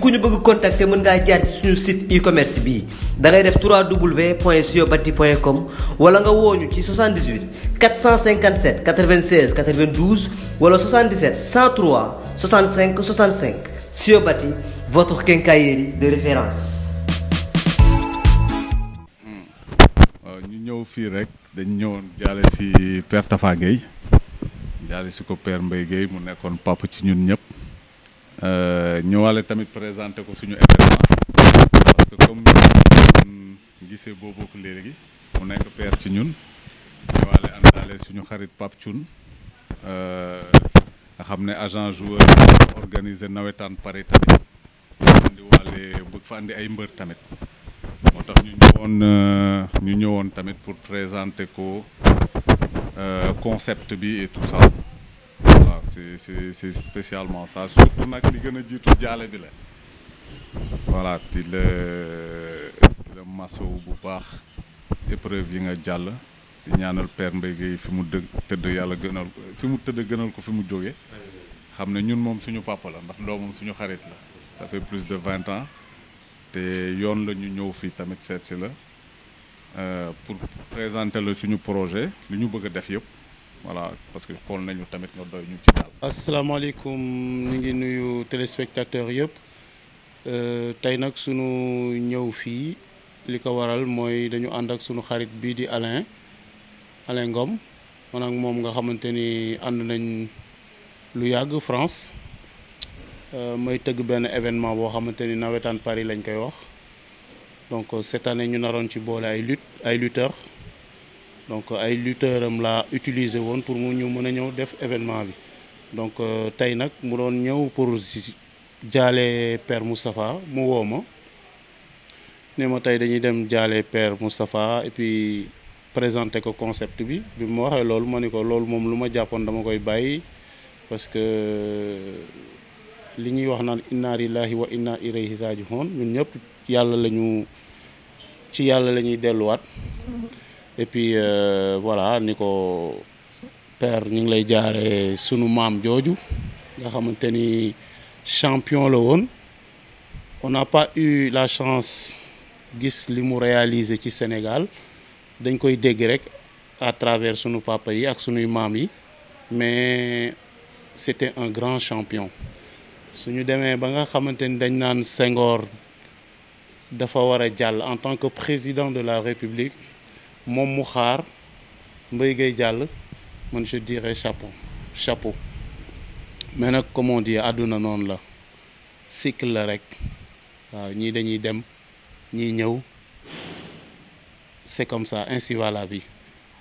képp ku ñu bëgg te mën ngaa jaar ci suñu site e-commerce bii da ngay def 3w point siobati point com wala nga wooñu ci 78 457 96 92 wala 77 103 65 65 siobati votre quincaillerie de référence. waaw hmm. euh, ñu ñëw fii rek dañ ñëwoon jaale si Père Tafa Gueye jaale si ko Père Mbaye Gueye mu nekkoon papa ci ñun ñëpp. Euh, ñëwaale tamit présenté ko suñu événement parce que comme ñun gisee boo bokk léegi mu nekk père ci ñun ñëwaale àndaale suñu xarit Pape Thioune euh, nga xam ne agent joueur organisé nawetaan Paris tamit andi fa andi ay mbër tamit moo tax ñu ñëwoon euh, ñu ñëwoon tamit pour présenter ko concept bi et tout ça c'est si c'est spécialement ça surtout nag li gën a jiitu jaale bi la voilà di la di bu baax épreuve yi nga jàll ñaanal Père Mbaye Gueye fi mu dë tëdd yàlla gënal fi mu tëdd gënal ko fi mu jóge xam ne ñun moom suñu papa la ndax doomam suñu xarit la ça fait plus de vingt ans te yoon la ñu ñëw fii tamit seet si la euh, pour présenter la suñu projet li ñu bëgg a def yëpp voilà parce que xool nañu tamit nga doy ñu ci daal. asalaamaaleykum ñu ngi nuyu téléspectateurs yëpp euh, tey nag sunu ñëw fii li ko waral mooy dañu ànd ak sunu xarit bii di Alain Alain Ngom man moom nga xamante ni ànd nañ lu yàgg France euh, may tëgg benn événement boo xamante ni nawetaan Paris lañ koy wax donc euh, cette année ñu naroon ci boole ay lutte ay lutteurs. donc euh, ay lutteurs am laa utiliser woon pour mu ñu mën a ñëw def événement bi donc euh, tey nag mu doon ñëw pour jaalee per père Moustapha mu woo ma ne ma tey dañuy dem jaale per Moustapha et puis présente ko concept bi bi mu waxee loolu ma ni ko loolu moom lu ma jàppoon dama koy bàyyi parce que li ñuy wax naan inna lillahi wa inna ilayhi raji'un ñun ñëpp yàlla lañu ci yàlla la ñuy delluwaat. et puis euh, voilà ni ko père ñu ngi lay jaare sunu maam jooju nga xamante ni champion la woon on n'a pas eu la chance gis li mu réaliser ci Sénégal dañ koy dégg rek à travers sunu papa yi ak sunuy maam yi mais c'était un grand champion suñu demee ba nga xamante ni dañ naan Senghor dafa war a jàll en tant que président de la République moom mu xaar Mbaye Gueye jàll man je dirais chapeau chapeau mais nag comme on àdduna noonu la cycle la rek waaw ñii dañuy dem ñii ñëw c'est comme ça ainsi va la vie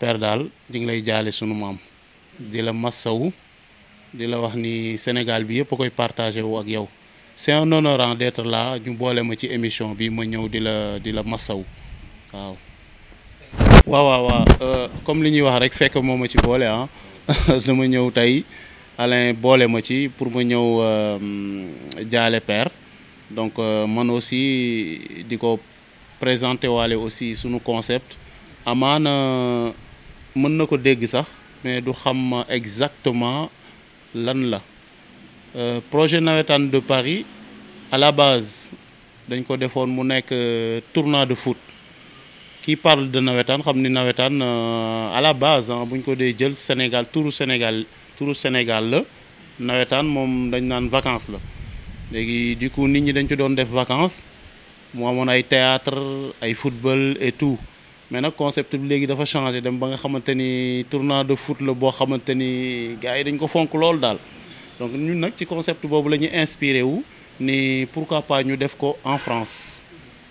daal di ngi lay jaale sunu maam di la massawu di la wax ni Sénégal bi yëpp a koy partagé wu ak yow c'est un honneur d'être là ñu boole ma ci émission bi ma ñëw di la di la massawu waaw waaw waaw euh, comme li ñuy wax rek fekk moom ma ci boole ah dama ñëw tey Alain boole ma ci pour ma ñëw euh, jaale père donc euh, man aussi di ko présenter waale aussi sunu concept amaana mën na ko dégg sax mais du xam exactement lan la projet nawetaan de Paris à la base dañ ko defoon mu nekk tournoi de foot qui parle de nawetaan xam ni nawetaan euh, à la base bu ñu ko dee jël Sénégal tour Sénégal tour Sénégal la nawetaan moom dañ naan vacances la léegi du nit ñi dañ ci doon def vacances mu amoon ay théâtre ay football et tout mais nag concept bi léegi dafa changé dem ba nga xamante ni tournoi de foot la boo xamante ni gars yi dañ ko fonk lool daal donc ñu nag ci concept boobu lañuy ñuy wu ni pourquoi pas ñu def ko en France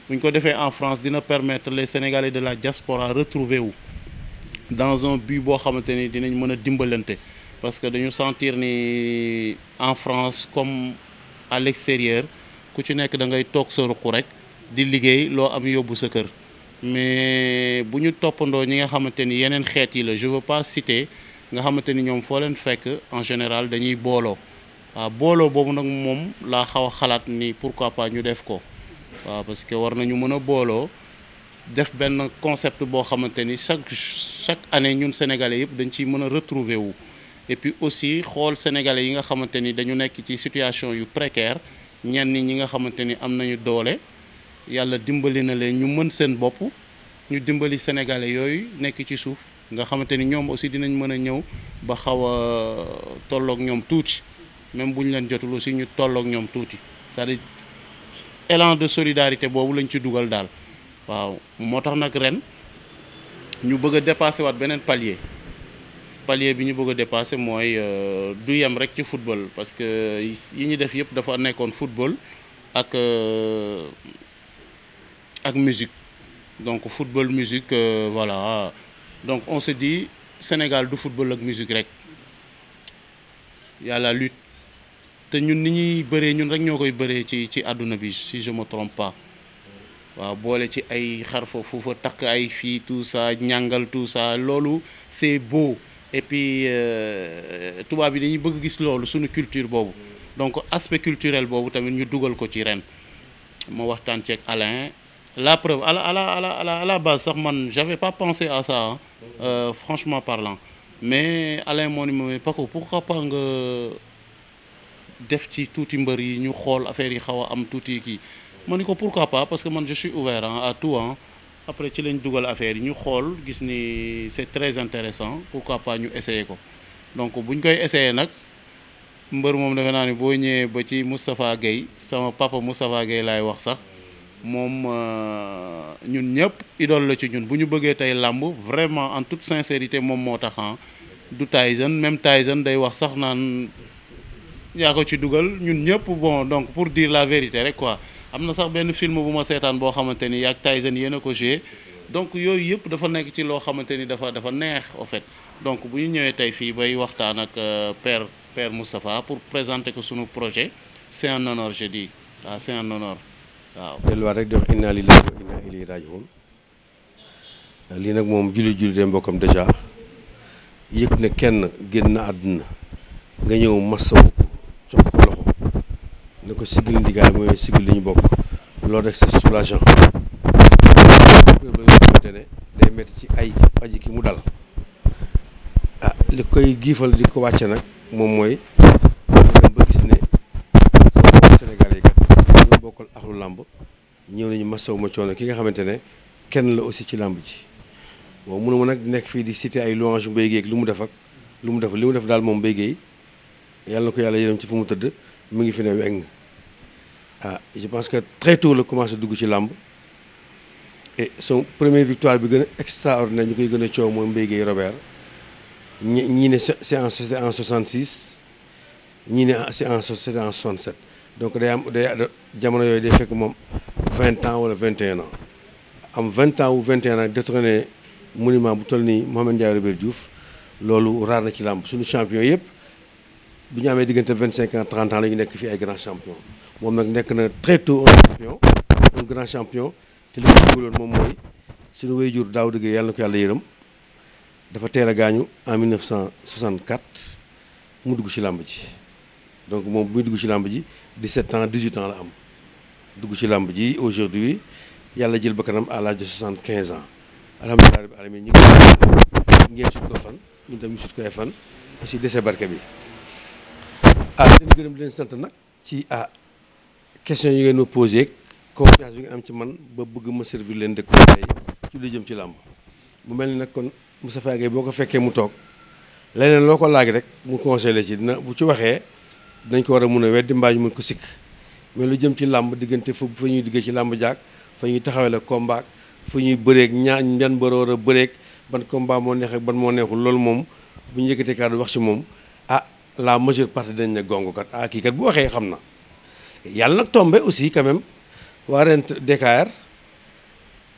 bu ko defee en France dina permettre les Sénégalais de la diaspora retrouver wu dans un but boo xamante ni dinañ mën a dimbalante parce que dañu sentir ni en France comme à l'extérieur ku ci nekk da ngay toog sa ruq rek di liggéey loo am yóbbu sa kër mais bu ñu toppandoo ñi nga xamante ni yeneen xeet yi la je veux pas citer nga xamante ni ñoom foo leen fekk en général dañuy booloo waa ah, booloo boobu nag moom laa xaw xalaat ni pourquoi pas ñu def ko waaw parce que war nañu mën a booloo def benn concept boo xamante ni chaque chaque année ñun sénégalais yëpp dañ ciy mën a retrouver wu et puis aussi xool sénégalais yi nga xamante ni dañu nekk ci situation yu précaire ñenn ñi nga xamante ni am nañu doole yàlla dimbali na leen ñu mën seen bopp ñu dimbali sénégalais yooyu nekk ci suuf nga xamante ni ñoom aussi dinañ mën a ñëw ba xaw a tolloog ñoom tuuti même bu leen jotul aussi ñu tollook ñoom tuuti élan de solidarité boobu lañ ci dugal daal waaw moo tax nag ren ñu bëgg a dépassé waat beneen palier palier bi ñu bëgg a dépassé mooy euh, du yem rek ci football parce que yi ñu def yëpp dafa nekkoon football ak euh, ak musique donc football musique euh, voilà donc on se dit Sénégal du football ak musique rek y lutte te ñun ni ñuy bëree ñun rek ñoo koy bëree ci ci àdduna bi si je me trompe pas waaw boole ci ay xar fa fuufa takk ay fii tout ça ñàngal tout ça loolu c'est beau et puis euh, tubaab bi dañuy bëgg gis loolu suñu culture boobu donc aspect culturel boobu tamit ñu dugal ko ci ren ma waxtaan ceeg Alain la preuve à la à la à la à la base sax man j'avais pas pensé à ça euh, franchement parlant mais Alain moo ma Paco pourquoi pas nga def ci tuuti mbër yi ñu xool affaire yi xaw a am tuuti kii ma ni ko pour pas parce que man je suis ouvert à tout hein après ci lañ dugal affaire yi ñu xool gis ni c'est très intéressant pourquoi pas ñu essayer ko donc bu ñu koy essayer nag mbër moom defe naa ni boo ñëwee ba ci Moustapha Guèye sama papa Moustapha Guèye laay wax sax moom euh, ñun ñëpp idole la ci ñun bu ñu bëggee tey làmb vraiment en toute sincérité moom moo tax du Tyson même Tyson day wax sax naan yaa ko ci dugal ñun ñëpp bon donc pour dire la vérité rek quoi am na sax benn film bu ma seetaan boo xamante ni yaak Tyson yéen ko joué donc yooyu yëpp dafa nekk ci loo xamante ni dafa dafa neex en fait donc bu ñu ñëwee tey fii bay waxtaan ak euh, père père Moustapha pour présenter ko sunu projet c'est un honneur je dis waaw ah, c'est un waaw. delluwaat rek di wax inna lillahi wa inna ilayhi rajiun lii nag moom julli julli mbokkam dèjà yëpp ne kenn génn àdduna nga ñëw masawu ne ko sigil ndigaay mooy sigil li ñu bokk loolu rek c'est soulageant xamante ne day métti ci ay aji ki mu dal ah, li koy giifal di ko wàcce nag moom mooy dem ba gis ne Sénégal yi kat ñu bokkal axlu làmb ñëw nañu masaw ma coono ki nga xamante ne kenn la aussi ci làmb ji waaw mënuma nag nekk fii di cité ay louange Mbaye Guèye ak lu mu def ak lu mu def li mu def daal moom Mbaye Guèye yàlla na ko yàlla yërëm ci fu mu tëdd mu ngi fi ne weng ah je pense que très tôt la commencé dugg ci làmb et son première victoire bi gën a extraordinaire ñu koy gën a coow mooy Mbaye Guèye Robert ñi ne c'est en c'était en 66 ñi ne c'est en c'était en donc day am day jamono yooyu day fekk moom 20 ans wala 21 ans am 20 ans ou 21 ans détrôné monument bu toll nii Mohamed Ndiaye Robert jouf loolu raar na ci làmb suñu champion yëpp bu ñu amee diggante 25 ans 30 ans la ñu nekk fii ay grands champions. moom nag nekk na très tôt un champion un grand champion te li ko dugaloon moom mooy suñu wayjur daaw dëgg yàlla na ko yàlla yërëm dafa teel a gaañu en 1964 mu dugg ci làmb ji donc moom bu muy dugg ci làmb ji 17 ans 18 ans la am dugg ci làmb ji aujourd'hui yàlla jël bakkanam à l'âge de 75 ans alhamdulilah rabbi alamin ñi ngi ngeen sut ko fan ñu tam ñu sut ko fan aussi dese barke bi ah leen gërëm leen sant nag question yi ngeen ma posé confiance bi nga am ci man ba bëgg ma servir leen de conseil ci lu jëm ci làmb mu mel ni nag kon Moustapha Gueye boo ko fekkee mu toog leneen loo ko laaj rek mu conseillé ci dina bu ci waxee dañ ko war a mun a weddi mbaa ñu mun ko sikk mais lu jëm ci làmb diggante fu ñuy diggee ci làmb jaak fa ñu taxawee la combat fu ñuy bëreeg ñaa ñan war a bëreeg ban combat moo neex ban moo neexul loolu moom bu ñu yëkkatee kàddu wax ci moom ah la majeure partie dañ ne gongu kat ah kii waxee xam na yàlla nag tombe aussi quand même waa rent Dakar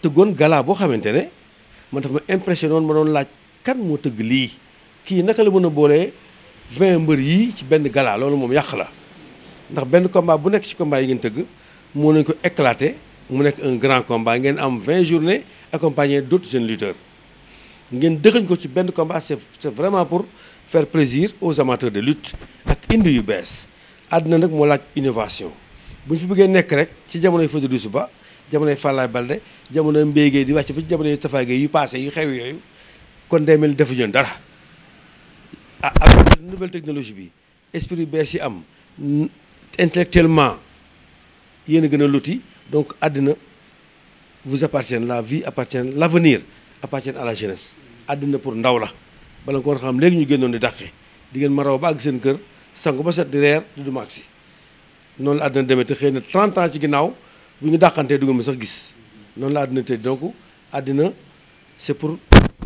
tëggoon gala boo xamante ne man dafa ma impressionné noonu ma doon laaj kan moo tëgg lii kii naka la mën a boolee vingt mbër yii ci benn galaa loolu moom yàq la ndax benn combat bu nekk ci combat yi ngeen tëgg moo nañ ko éclaté mu nekk un grand combat ngeen am vingt journées accompagné d' autres jeunes ngeen dëxañ ko ci benn combat c' vraiment pour faire plaisir aux amateurs de lutte ak indi yu bees àddina nag moo laaj innovation bu ñu fi bëggee nekk rek ci jamonoy Fodé Doussouba jamonoy Fallaye Balde jamono Mbaye Guèye di wàcc ba ci jamono Tapha Guèye yu paase yu xew yooyu kon day mel defuñu dara a ak nouvelle technologie bi esprit bees yi am intellectuellement yéen a gën a loti donc àddina vous appartient la vie appartient lavenir avenir appartient à la jeunesse àddina pour ndaw la bala nga xam léegi ñu génnoon di dàqe di ngeen ma raw ba àgg seen kër sangu ba set di reer di du ma noonu la àddina demee te xëy na 30 ans ci ginnaaw bu ñu dàqantee du ngeen ma sax gis noonu la àddina te donc àddina c'est pour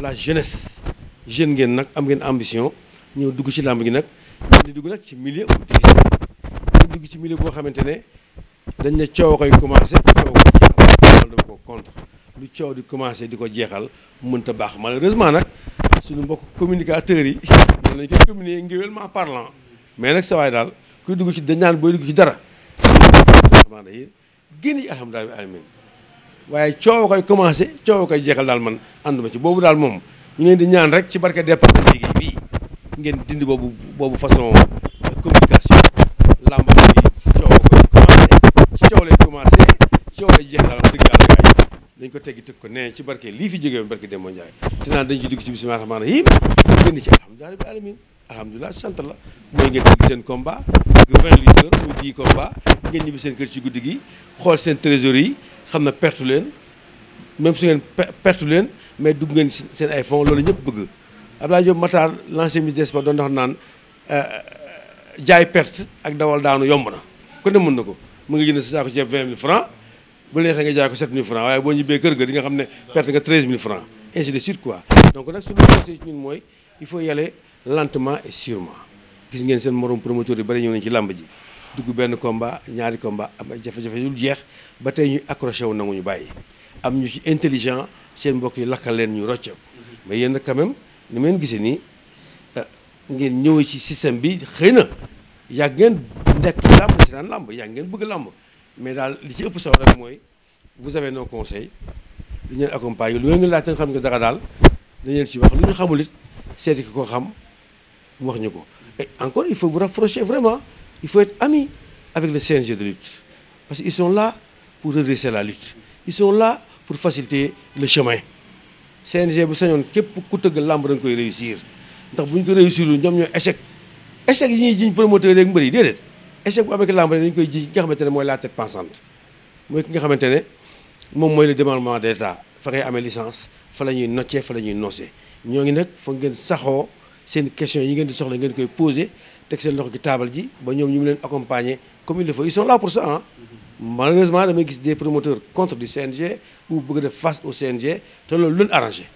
la jeunesse jeune ngeen nag am ngeen ambition ñëw dugg ci làmb gi nag ñun di dugg nag ci milieu dugg ci milieu boo xamante ne dañ ne coow koy commencé coow ko jeexal dama ko lu coow di commencé di ko jeexal mënta baax malheureusement nag suñu mbokk communicateurs yi noonu lañ koy communiquer ngéwél ma parlant mais nag sa daal kuy dugg ci dañ naan booy dugg ci dara xamante yi génn ci alhamdulilah alamin waaye coow koy commencé coow koy jeexal daal man ànduma ci boobu daal moom ñu ngeen di ñaan rek ci barke département léegi bii ngeen dindi boobu boobu façon communication lamba bi coow koy commencé ci coow lay commencé coow lay jeexal daal dëgg yàlla gaay dañ ko teggi tëg ko ne ci barke lii fi jógee barke Demba Ndiaye te naan dañ ci dugg ci bismillah rahmaan ci alhamdulilah alamin alhamdulilah sant la mooy ngeen dégg seen combat dégg vingt lutteurs muy dix combat ngeen ñibbi seen kër ci guddi gi xool seen trésorerie yi xam na pertu leen même su ngeen pertu leen mais dugg ngeen seen ay fonds loolu ñëpp bëgg Abdoulaye Diop Matar l'ancien ministre des sports doon wax naan euh, euh, jaay perte ak dawal daanu yomb na ku ne mën na ko mu ngi jënd sa saako ceeb vingt mille francs bu neexee nga jaay ko sept mille francs waaye boo ñibbee kër ga di nga xam ne perte nga treize mille francs ainsi de suite quoi donc nag suñu conseil ci ñun mooy il faut y aller lentement et sûrement gis ngeen seen morom promoteur yu bari ñëw nañ ci làmb ji dugg benn komba ñaari combat am ay jafe-jafe yu jeex ba tey ñu accroché wu nanguñu bàyyi am ñu ci intelligent seen mbokk yi lakkal leen ñu rocceeku mais yéen quand même ni ngeen gisee nii ah, ngeen ñëwee ci système bi xëy na yaa ngeen nekk làmb si daan làmb yaa ngeen bugg làmb mais daal li ci ëpp solo rek mooy vous avez no conseils lu ñu leen accompagner lu ngeen laaj te nga dara daal dañ leen ci wax lu ñu xamul it seeti ki ko xam. wax ñu ko encore il faut vous vraiment il faut être ami avec le CNG de lutte parce qu'ils son là pour redresser la lutte ils sont là pour faciliter le chemin CNG bu sañoon képp ku tëgg lamb da nga koy réussir ndax bu ñu ko réussir ñoom ñoo échec échec yi ñuy jiñ promoteur yeeg mbëri déedéet échec bu amee làmb rek dañu koy jiñ ki nga xamante ne mooy la tête pensante mooy ki nga xamante ne moom mooy le démembrement d'État fa ngay amee licence fa la ñuy noccee fa la ñuy noosee ñoo ngi nag fa ngeen saxoo seen question yi ngeen di soxla ngeen koy posé teg seen loxo ci taabal ji ba ñoom ñu ngi leen accompagner comme il le faut ils sont là pour ça ah. malheureusement gis des promoteurs contre du CNG ou bëgg def face au CNG te loolu leen arrangé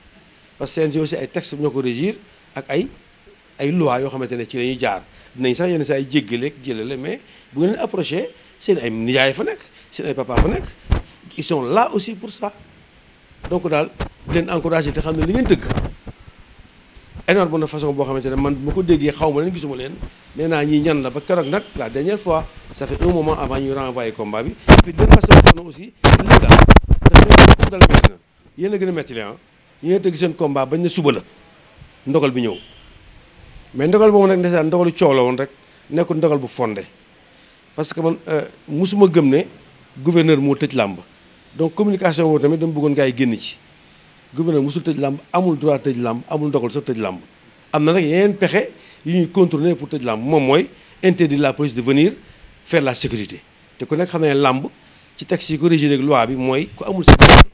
parce que CNG aussi ay textes ñoo ko régir ak ay ay lois yoo xamante ne ci la ñuy jaar dinañ sax yenn saa yi jéggaleeg jëlale mais bu ngeen approché seen ay nijaay fa nekk seen ay papa fa nekk ils sont là aussi pour ça donc daal di leen encouragé te xam ne li ngeen dëgg. énorme na façon boo xamante ne man bu ko déggee xaw ma leen gisuma leen nee naa ñii ñan la ba keroog nag la dernière fois ça fait un moment avant ñu renvoyer combat bi puis leen passé na aussi lii daal dafa dal métti na yéen a gën a métti la ah yéen a tëgg seen combat bañ na suba la ndogal bi ñëw mais ndogal boobu nag ndeysaan ndogalu coow la woon rek nekkul ndogal bu fondé parce que man euh, musuma gëm ne gouverneur moo tëj làmb donc communication boobu tamit dama bëggoon génn ci gouverneur musul tëj làmb amul droit tëj làmb amul ndogal sax tëj am na nag yeneen pexe yu ñuy contourner pour tëj làmb moom mooy interdire la police de venir faire la sécurité te ku nekk xam ne làmb ci texte yi ko régir ak loi bi mooy ku amul sécurité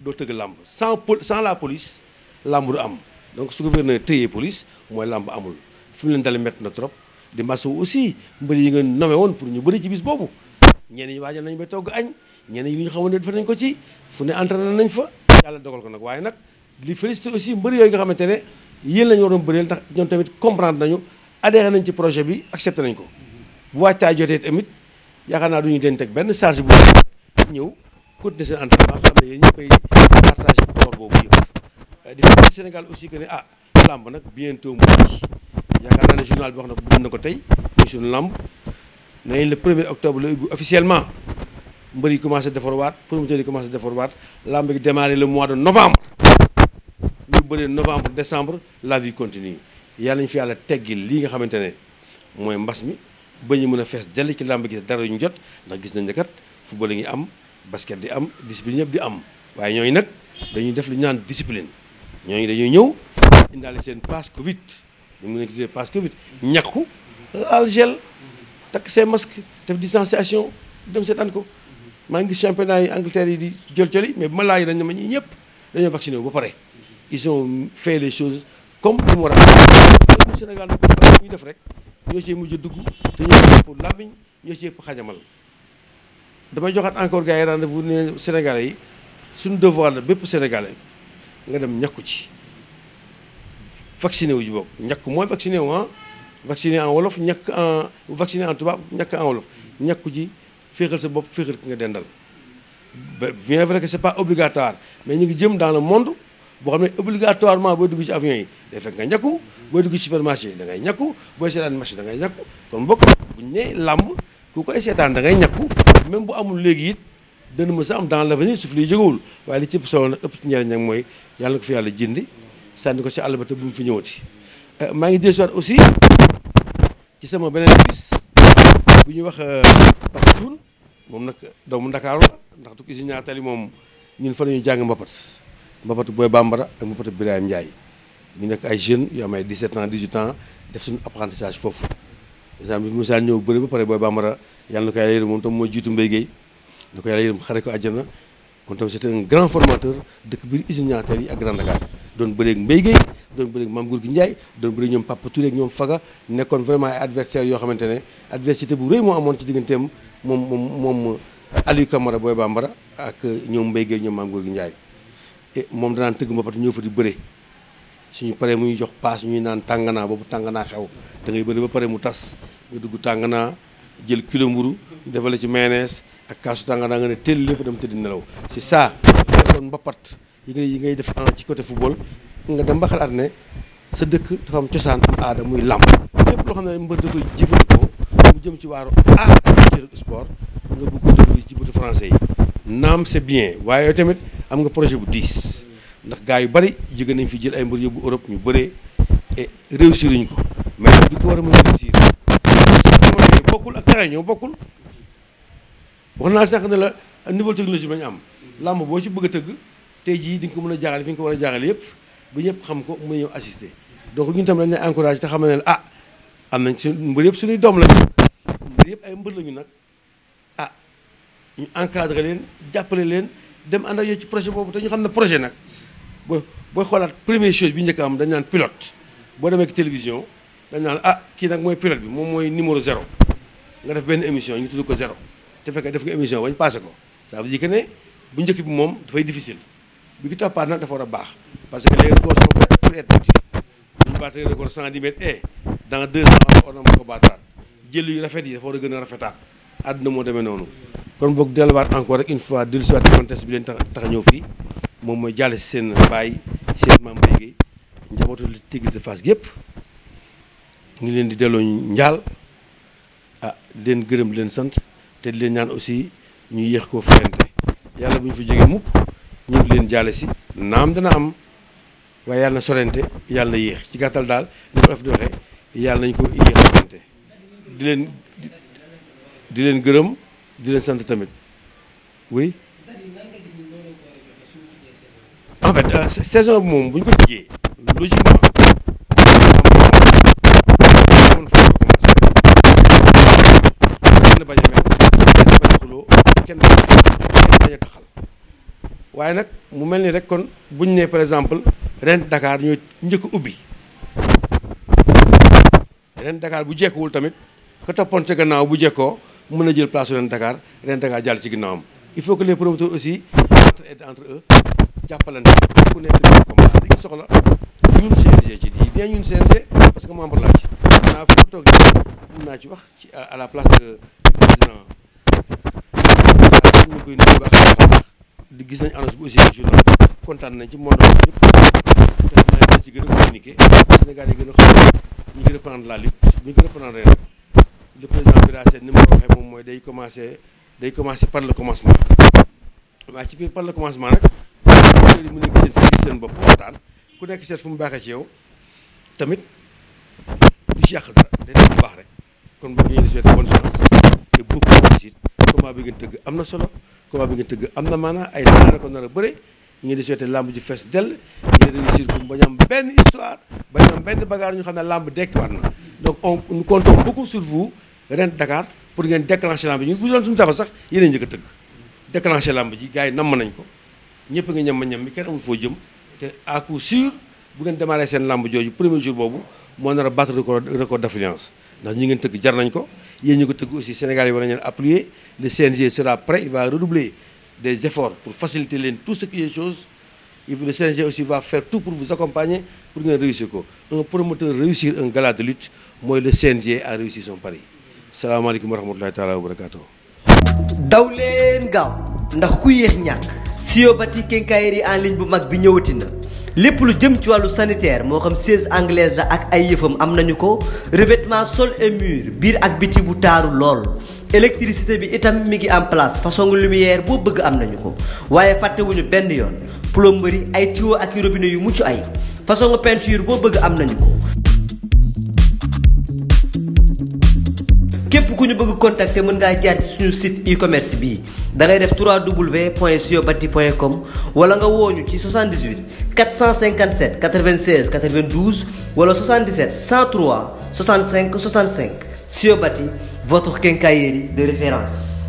doo tëgg làmb sans pol sans la police làmb du am donc su gouverneur tëyee police mooy làmb amul fi mu leen dale métti na trop di masaw aussi mbëri yi nga nommé woon pour ñu bëri ci boobu ñenn ñi waajal nañ ba togg añ ñenn ñi ñu xamante ne def ko ci fu ne entraîné nañ fa yàlla dogal ko nag waaye nag li félicité aussi mbër yooyu nga xamante ne yéen la ñu waroon bëreel ndax ñoom tamit comprendre nañu adhéré nañ ci projet bi accepté nañ ko bu waajtaay jotee tamit yaakaar naa du ñu leen teg benn charge bu ñëw continuer seen entraînement xam ne yéen ñëpp ay partagé effort boobu yëpp euh, di fàttali Sénégal aussi que ne ah làmb nag bientôt mu yaakaar naa ne journal bi wax na ko bëgg na ko tey muy suñu làmb nañ le premier octobre la mbër yi commencé defarwaat promoteur yi commencé defarwaat lamb gi démarré le mois de novembre ñu bëree novembre décembre la vie continue yàlla nañ fi yàlla teggil lii nga xamante ne mooy mbas mi ba ñu mën a fees dell ci lamb gi dara ñu jot ndax gis nañ ne kat football ngi am basket di am discipline yëpp di am waaye ñooñu nag dañuy def lu ñu naan discipline ñooñu dañuy ñëw indaale seen passe Covid ñu nekk a tuddee passe Covid ñàkku laal gel takk seen masque def distanciation dem seetaan ko. maa ngi gis championnat yi Angleterre yi di jël jëli mais bu ma laajee dañ ne ma ñii ñëpp dañoo vacciné wu ba pare ils ont fait les choses comme li mu war a am. Sénégal nag ñuy def rek ñoo cee mujj dugg te ñoo cee ëpp làmmiñ ñoo cee ëpp xajamal damay joxaat encore gars yi rendez-vous ne yi suñu devoir la bépp Sénégalais nga dem ñàkku ci vacciné wu ji bokk ñàkk mooy vacciné wu ah en wolof ñàkk en vacciné en tubaab ñàkk en ji. féexal sa bopp féexal ki nga dendal bien vrai que c'est pas obligatoire mais ñu ngi jëm dans le monde boo xam ne obligatoirement booy dugg ci avion yi day fekk nga ñàkku booy dugg ci supermarché da ngay ñàkku booy seetaan marché da ngay ñàkku kon mbokk buñ ne làmb ku koy seetaan da ngay ñàkku même bu amul léegi it dana mës a am dans l'avenir suuf liy jógewul waaye li ci ëpp solo nag ëpp ci njëriñ nag mooy yàlla na ko fi yàlla jindi sànni ko si àll ba te mu fi ñëwati euh, maa ngi desuwaat aussi ci sama beneen bis bu wax euh, Cuun moom nag doomu Ndakaaru la ndax tukki si ñaatali moom ñun fa la ñuy jàng mbapat mbapat Boy Bambara ak mbapat Birahim Ndiaye ñu nekk ay jeunes yu am ay 17 ans 18 ans def suñu apprentissage foofu exemple bi Moussa ñëw bëri ba pare Boy Bambara yàlla na ko yàlla yërëm moom tam mooy jiitu mbéy géey na ko yàlla yërëm xare ko àjjana kon tam c'était un grand formateur dëkk biir usine ñaatali yi ak Grand Dakar doon bëreeg mbéy géey doon bëreeg ne adversité bu rëy moo amoon ci moom moom moom Aliou Camara booy bambara ak ñoom Mbaye Guèye ñoom maam Gorgui Ndiaye moom danaan tëgg mbapat ñoo fa di bëre suñu paree muy jox paas ñuy naan tànganaa boobu tànganaa xew da ngay bëri ba pare mu tas nga dugg tànganaa jël kilo mburu defale ci mayonnaise ak kaasu tànganaa nga ne teel lépp dem tëdd nelaw c'est ça kon mbapat yi ngay yi ngay def en ci côté football nga dem ba xalaat ne sa dëkk dafa am cosaan am aada muy làmb lépp loo xam ne mbër da koy jëfandikoo mu jëm ci waaru aada ministère du sport nga bëgg ko déglu ci bëtu français yi naam c'est bien waaye tamit am nga projet bu diis ndax gaa yu bari jóge nañ fi jël ay mbir yóbbu Europe ñu bëree et réussir ñu ko mais du ko war a mën a réussir bokkul ak terrain ñoo bokkul wax naa sax ne la niveau technologie ba ñu am làmb boo ci bëgg a tëgg tey jii di nga ko mën a jaaxale fi nga ko war a jaaxale yëpp ba ñëpp xam ko mu ñëw assister donc ñun tam dañ lay encouragé te xam ne ah am nañ suñu mbir yëpp suñuy doom la mbër yëpp ay mbër lañu nag ah ñu encadré leen jàppale leen dem ànd ak yow ci projet boobu te ñu xam ne projet nag boo xoolaat premier chose bi njëkk am dañ naan pilote boo demee ci dañ naan ah kii nag mooy pilote bi moom mooy numéro zéro nga def benn émission ñu tudd ko zéro te fekkee def nga émission bañ passé ko ça veut dire bu njëkk bi moom dafay difficile bi ki toppaat nag dafa war a baax parce que léegi goor soo pour être petit bu ñu baatee record cent dix eh, a ko baataat jël yu rafet yi dafa war a gën a rafetaat àddina moo demee noonu kon boog delluwaat encore rek une fois dellu siwaat ci contexte bi leen tax tax ñëw fii moom mooy jàlle si seen baay seen maam Baye Gueye njabootu Tigre de Fass yëpp ngi leen di delloo njaal ah di leen gërëm leen sant te leen naan aussi ñu yéex koo fayante yàlla bu ñu fi jógee mukk ñu ngi leen jaale si naam dana am waaye yàlla na sorente yàlla na yéex ci gàttal daal ni ko di waxee yàlla nañ ko yéex di leen di leen gërëm di leen sant tamit oui. en fait euh, saison bi moom bu ñu ko tijjee logiquement kenn bañ a bañ a taxal waaye nag mu mel ni rek kon buñ ne par exemple ren dakaar ñooy njëkk ubbi ren dakaar bu jekkuwul tamit ko toppoon ca gannaaw bu jekkoo mën a jël place ren Dakar ren Dakar jàll ci ginnaawam il faut que les promoteurs aussi entre eux jàppalante ku nekk combat li ñu soxla ñun CNG ci naa ci wax ci à la place de gis nañ annonce bi aussi ci journal kontaan nañ ci monde yëpp te naa ci gën a communiqué Sénégal yi gën a xam ñu gën a la lutte le président Bira Sène ni ma ko waxee moom mooy day commencer day commencer par le commencement waaye ci biir par le commencement nag acteurs yi mën a gis seen seen ku nekk seet fu mu baaxee ci yow tamit du ci yàq dara day bu baax rek kon bu ngeen di souhaiter bonne chance et beaucoup de réussite combat bi ngeen tëgg am na solo combat bi ngeen tëgg am na maana ay daan la ko bëre ngeen di souhaiter lamb ji fees dell ngeen réussir ko bañ am benn histoire bañ am benn bagarre ñu xam ne lamb dekkiwaat na ren Dakar pour ngeen déclencher lamb ji ñun bu doon suñu sago sax yéen a njëkk a tëgg déclencher lamb ji gars yi namm nañ ko ñëpp nga ñam ma ñam mi kenn amul foo jëm te à coup sûr bu ngeen démarré seen lamb jooju premier jour boobu moo nar a battre record record d'affluence ndax ñi ngeen tëgg jar nañ ko yéen ñu ko tëgg aussi Sénégal yi war nañu appuyer le CNG sera prêt il va redoubler des efforts pour faciliter leen tout ce qui est chose et le va faire tout pour vous accompagner pour ngeen réussir ko un promoteur réussir un gala de lutte mooy a salaamaaleykum wa rahmatulahi taala wa barakaatu. daw leen gaaw ndax ku yéex ñàkk siyobati kenkaayeri en ligne bu mag bi ñëwati na lépp lu jëm ci wàllu sanitaire moo xam siège anglaise la ak ay yëfam am nañu ko revêtement sol et biir ak biti bu taaru lool. électricité bi itam mi ngi en place façon lumière boo bëgg am nañu ko waaye fàttewuñu benn yoon plomberie ay tuyaux ak robinet yu mucc ay façon peinture boo bëgg am nañu ko. képp ku ñu bëgg contacter mën ngaa jaar ci suñu site e-commerce bii da ngay def 3w point siobati point com wala nga wooñu ci 78 457 96 92 wala 77 103 65 65 siobati votre quincaillerie de référence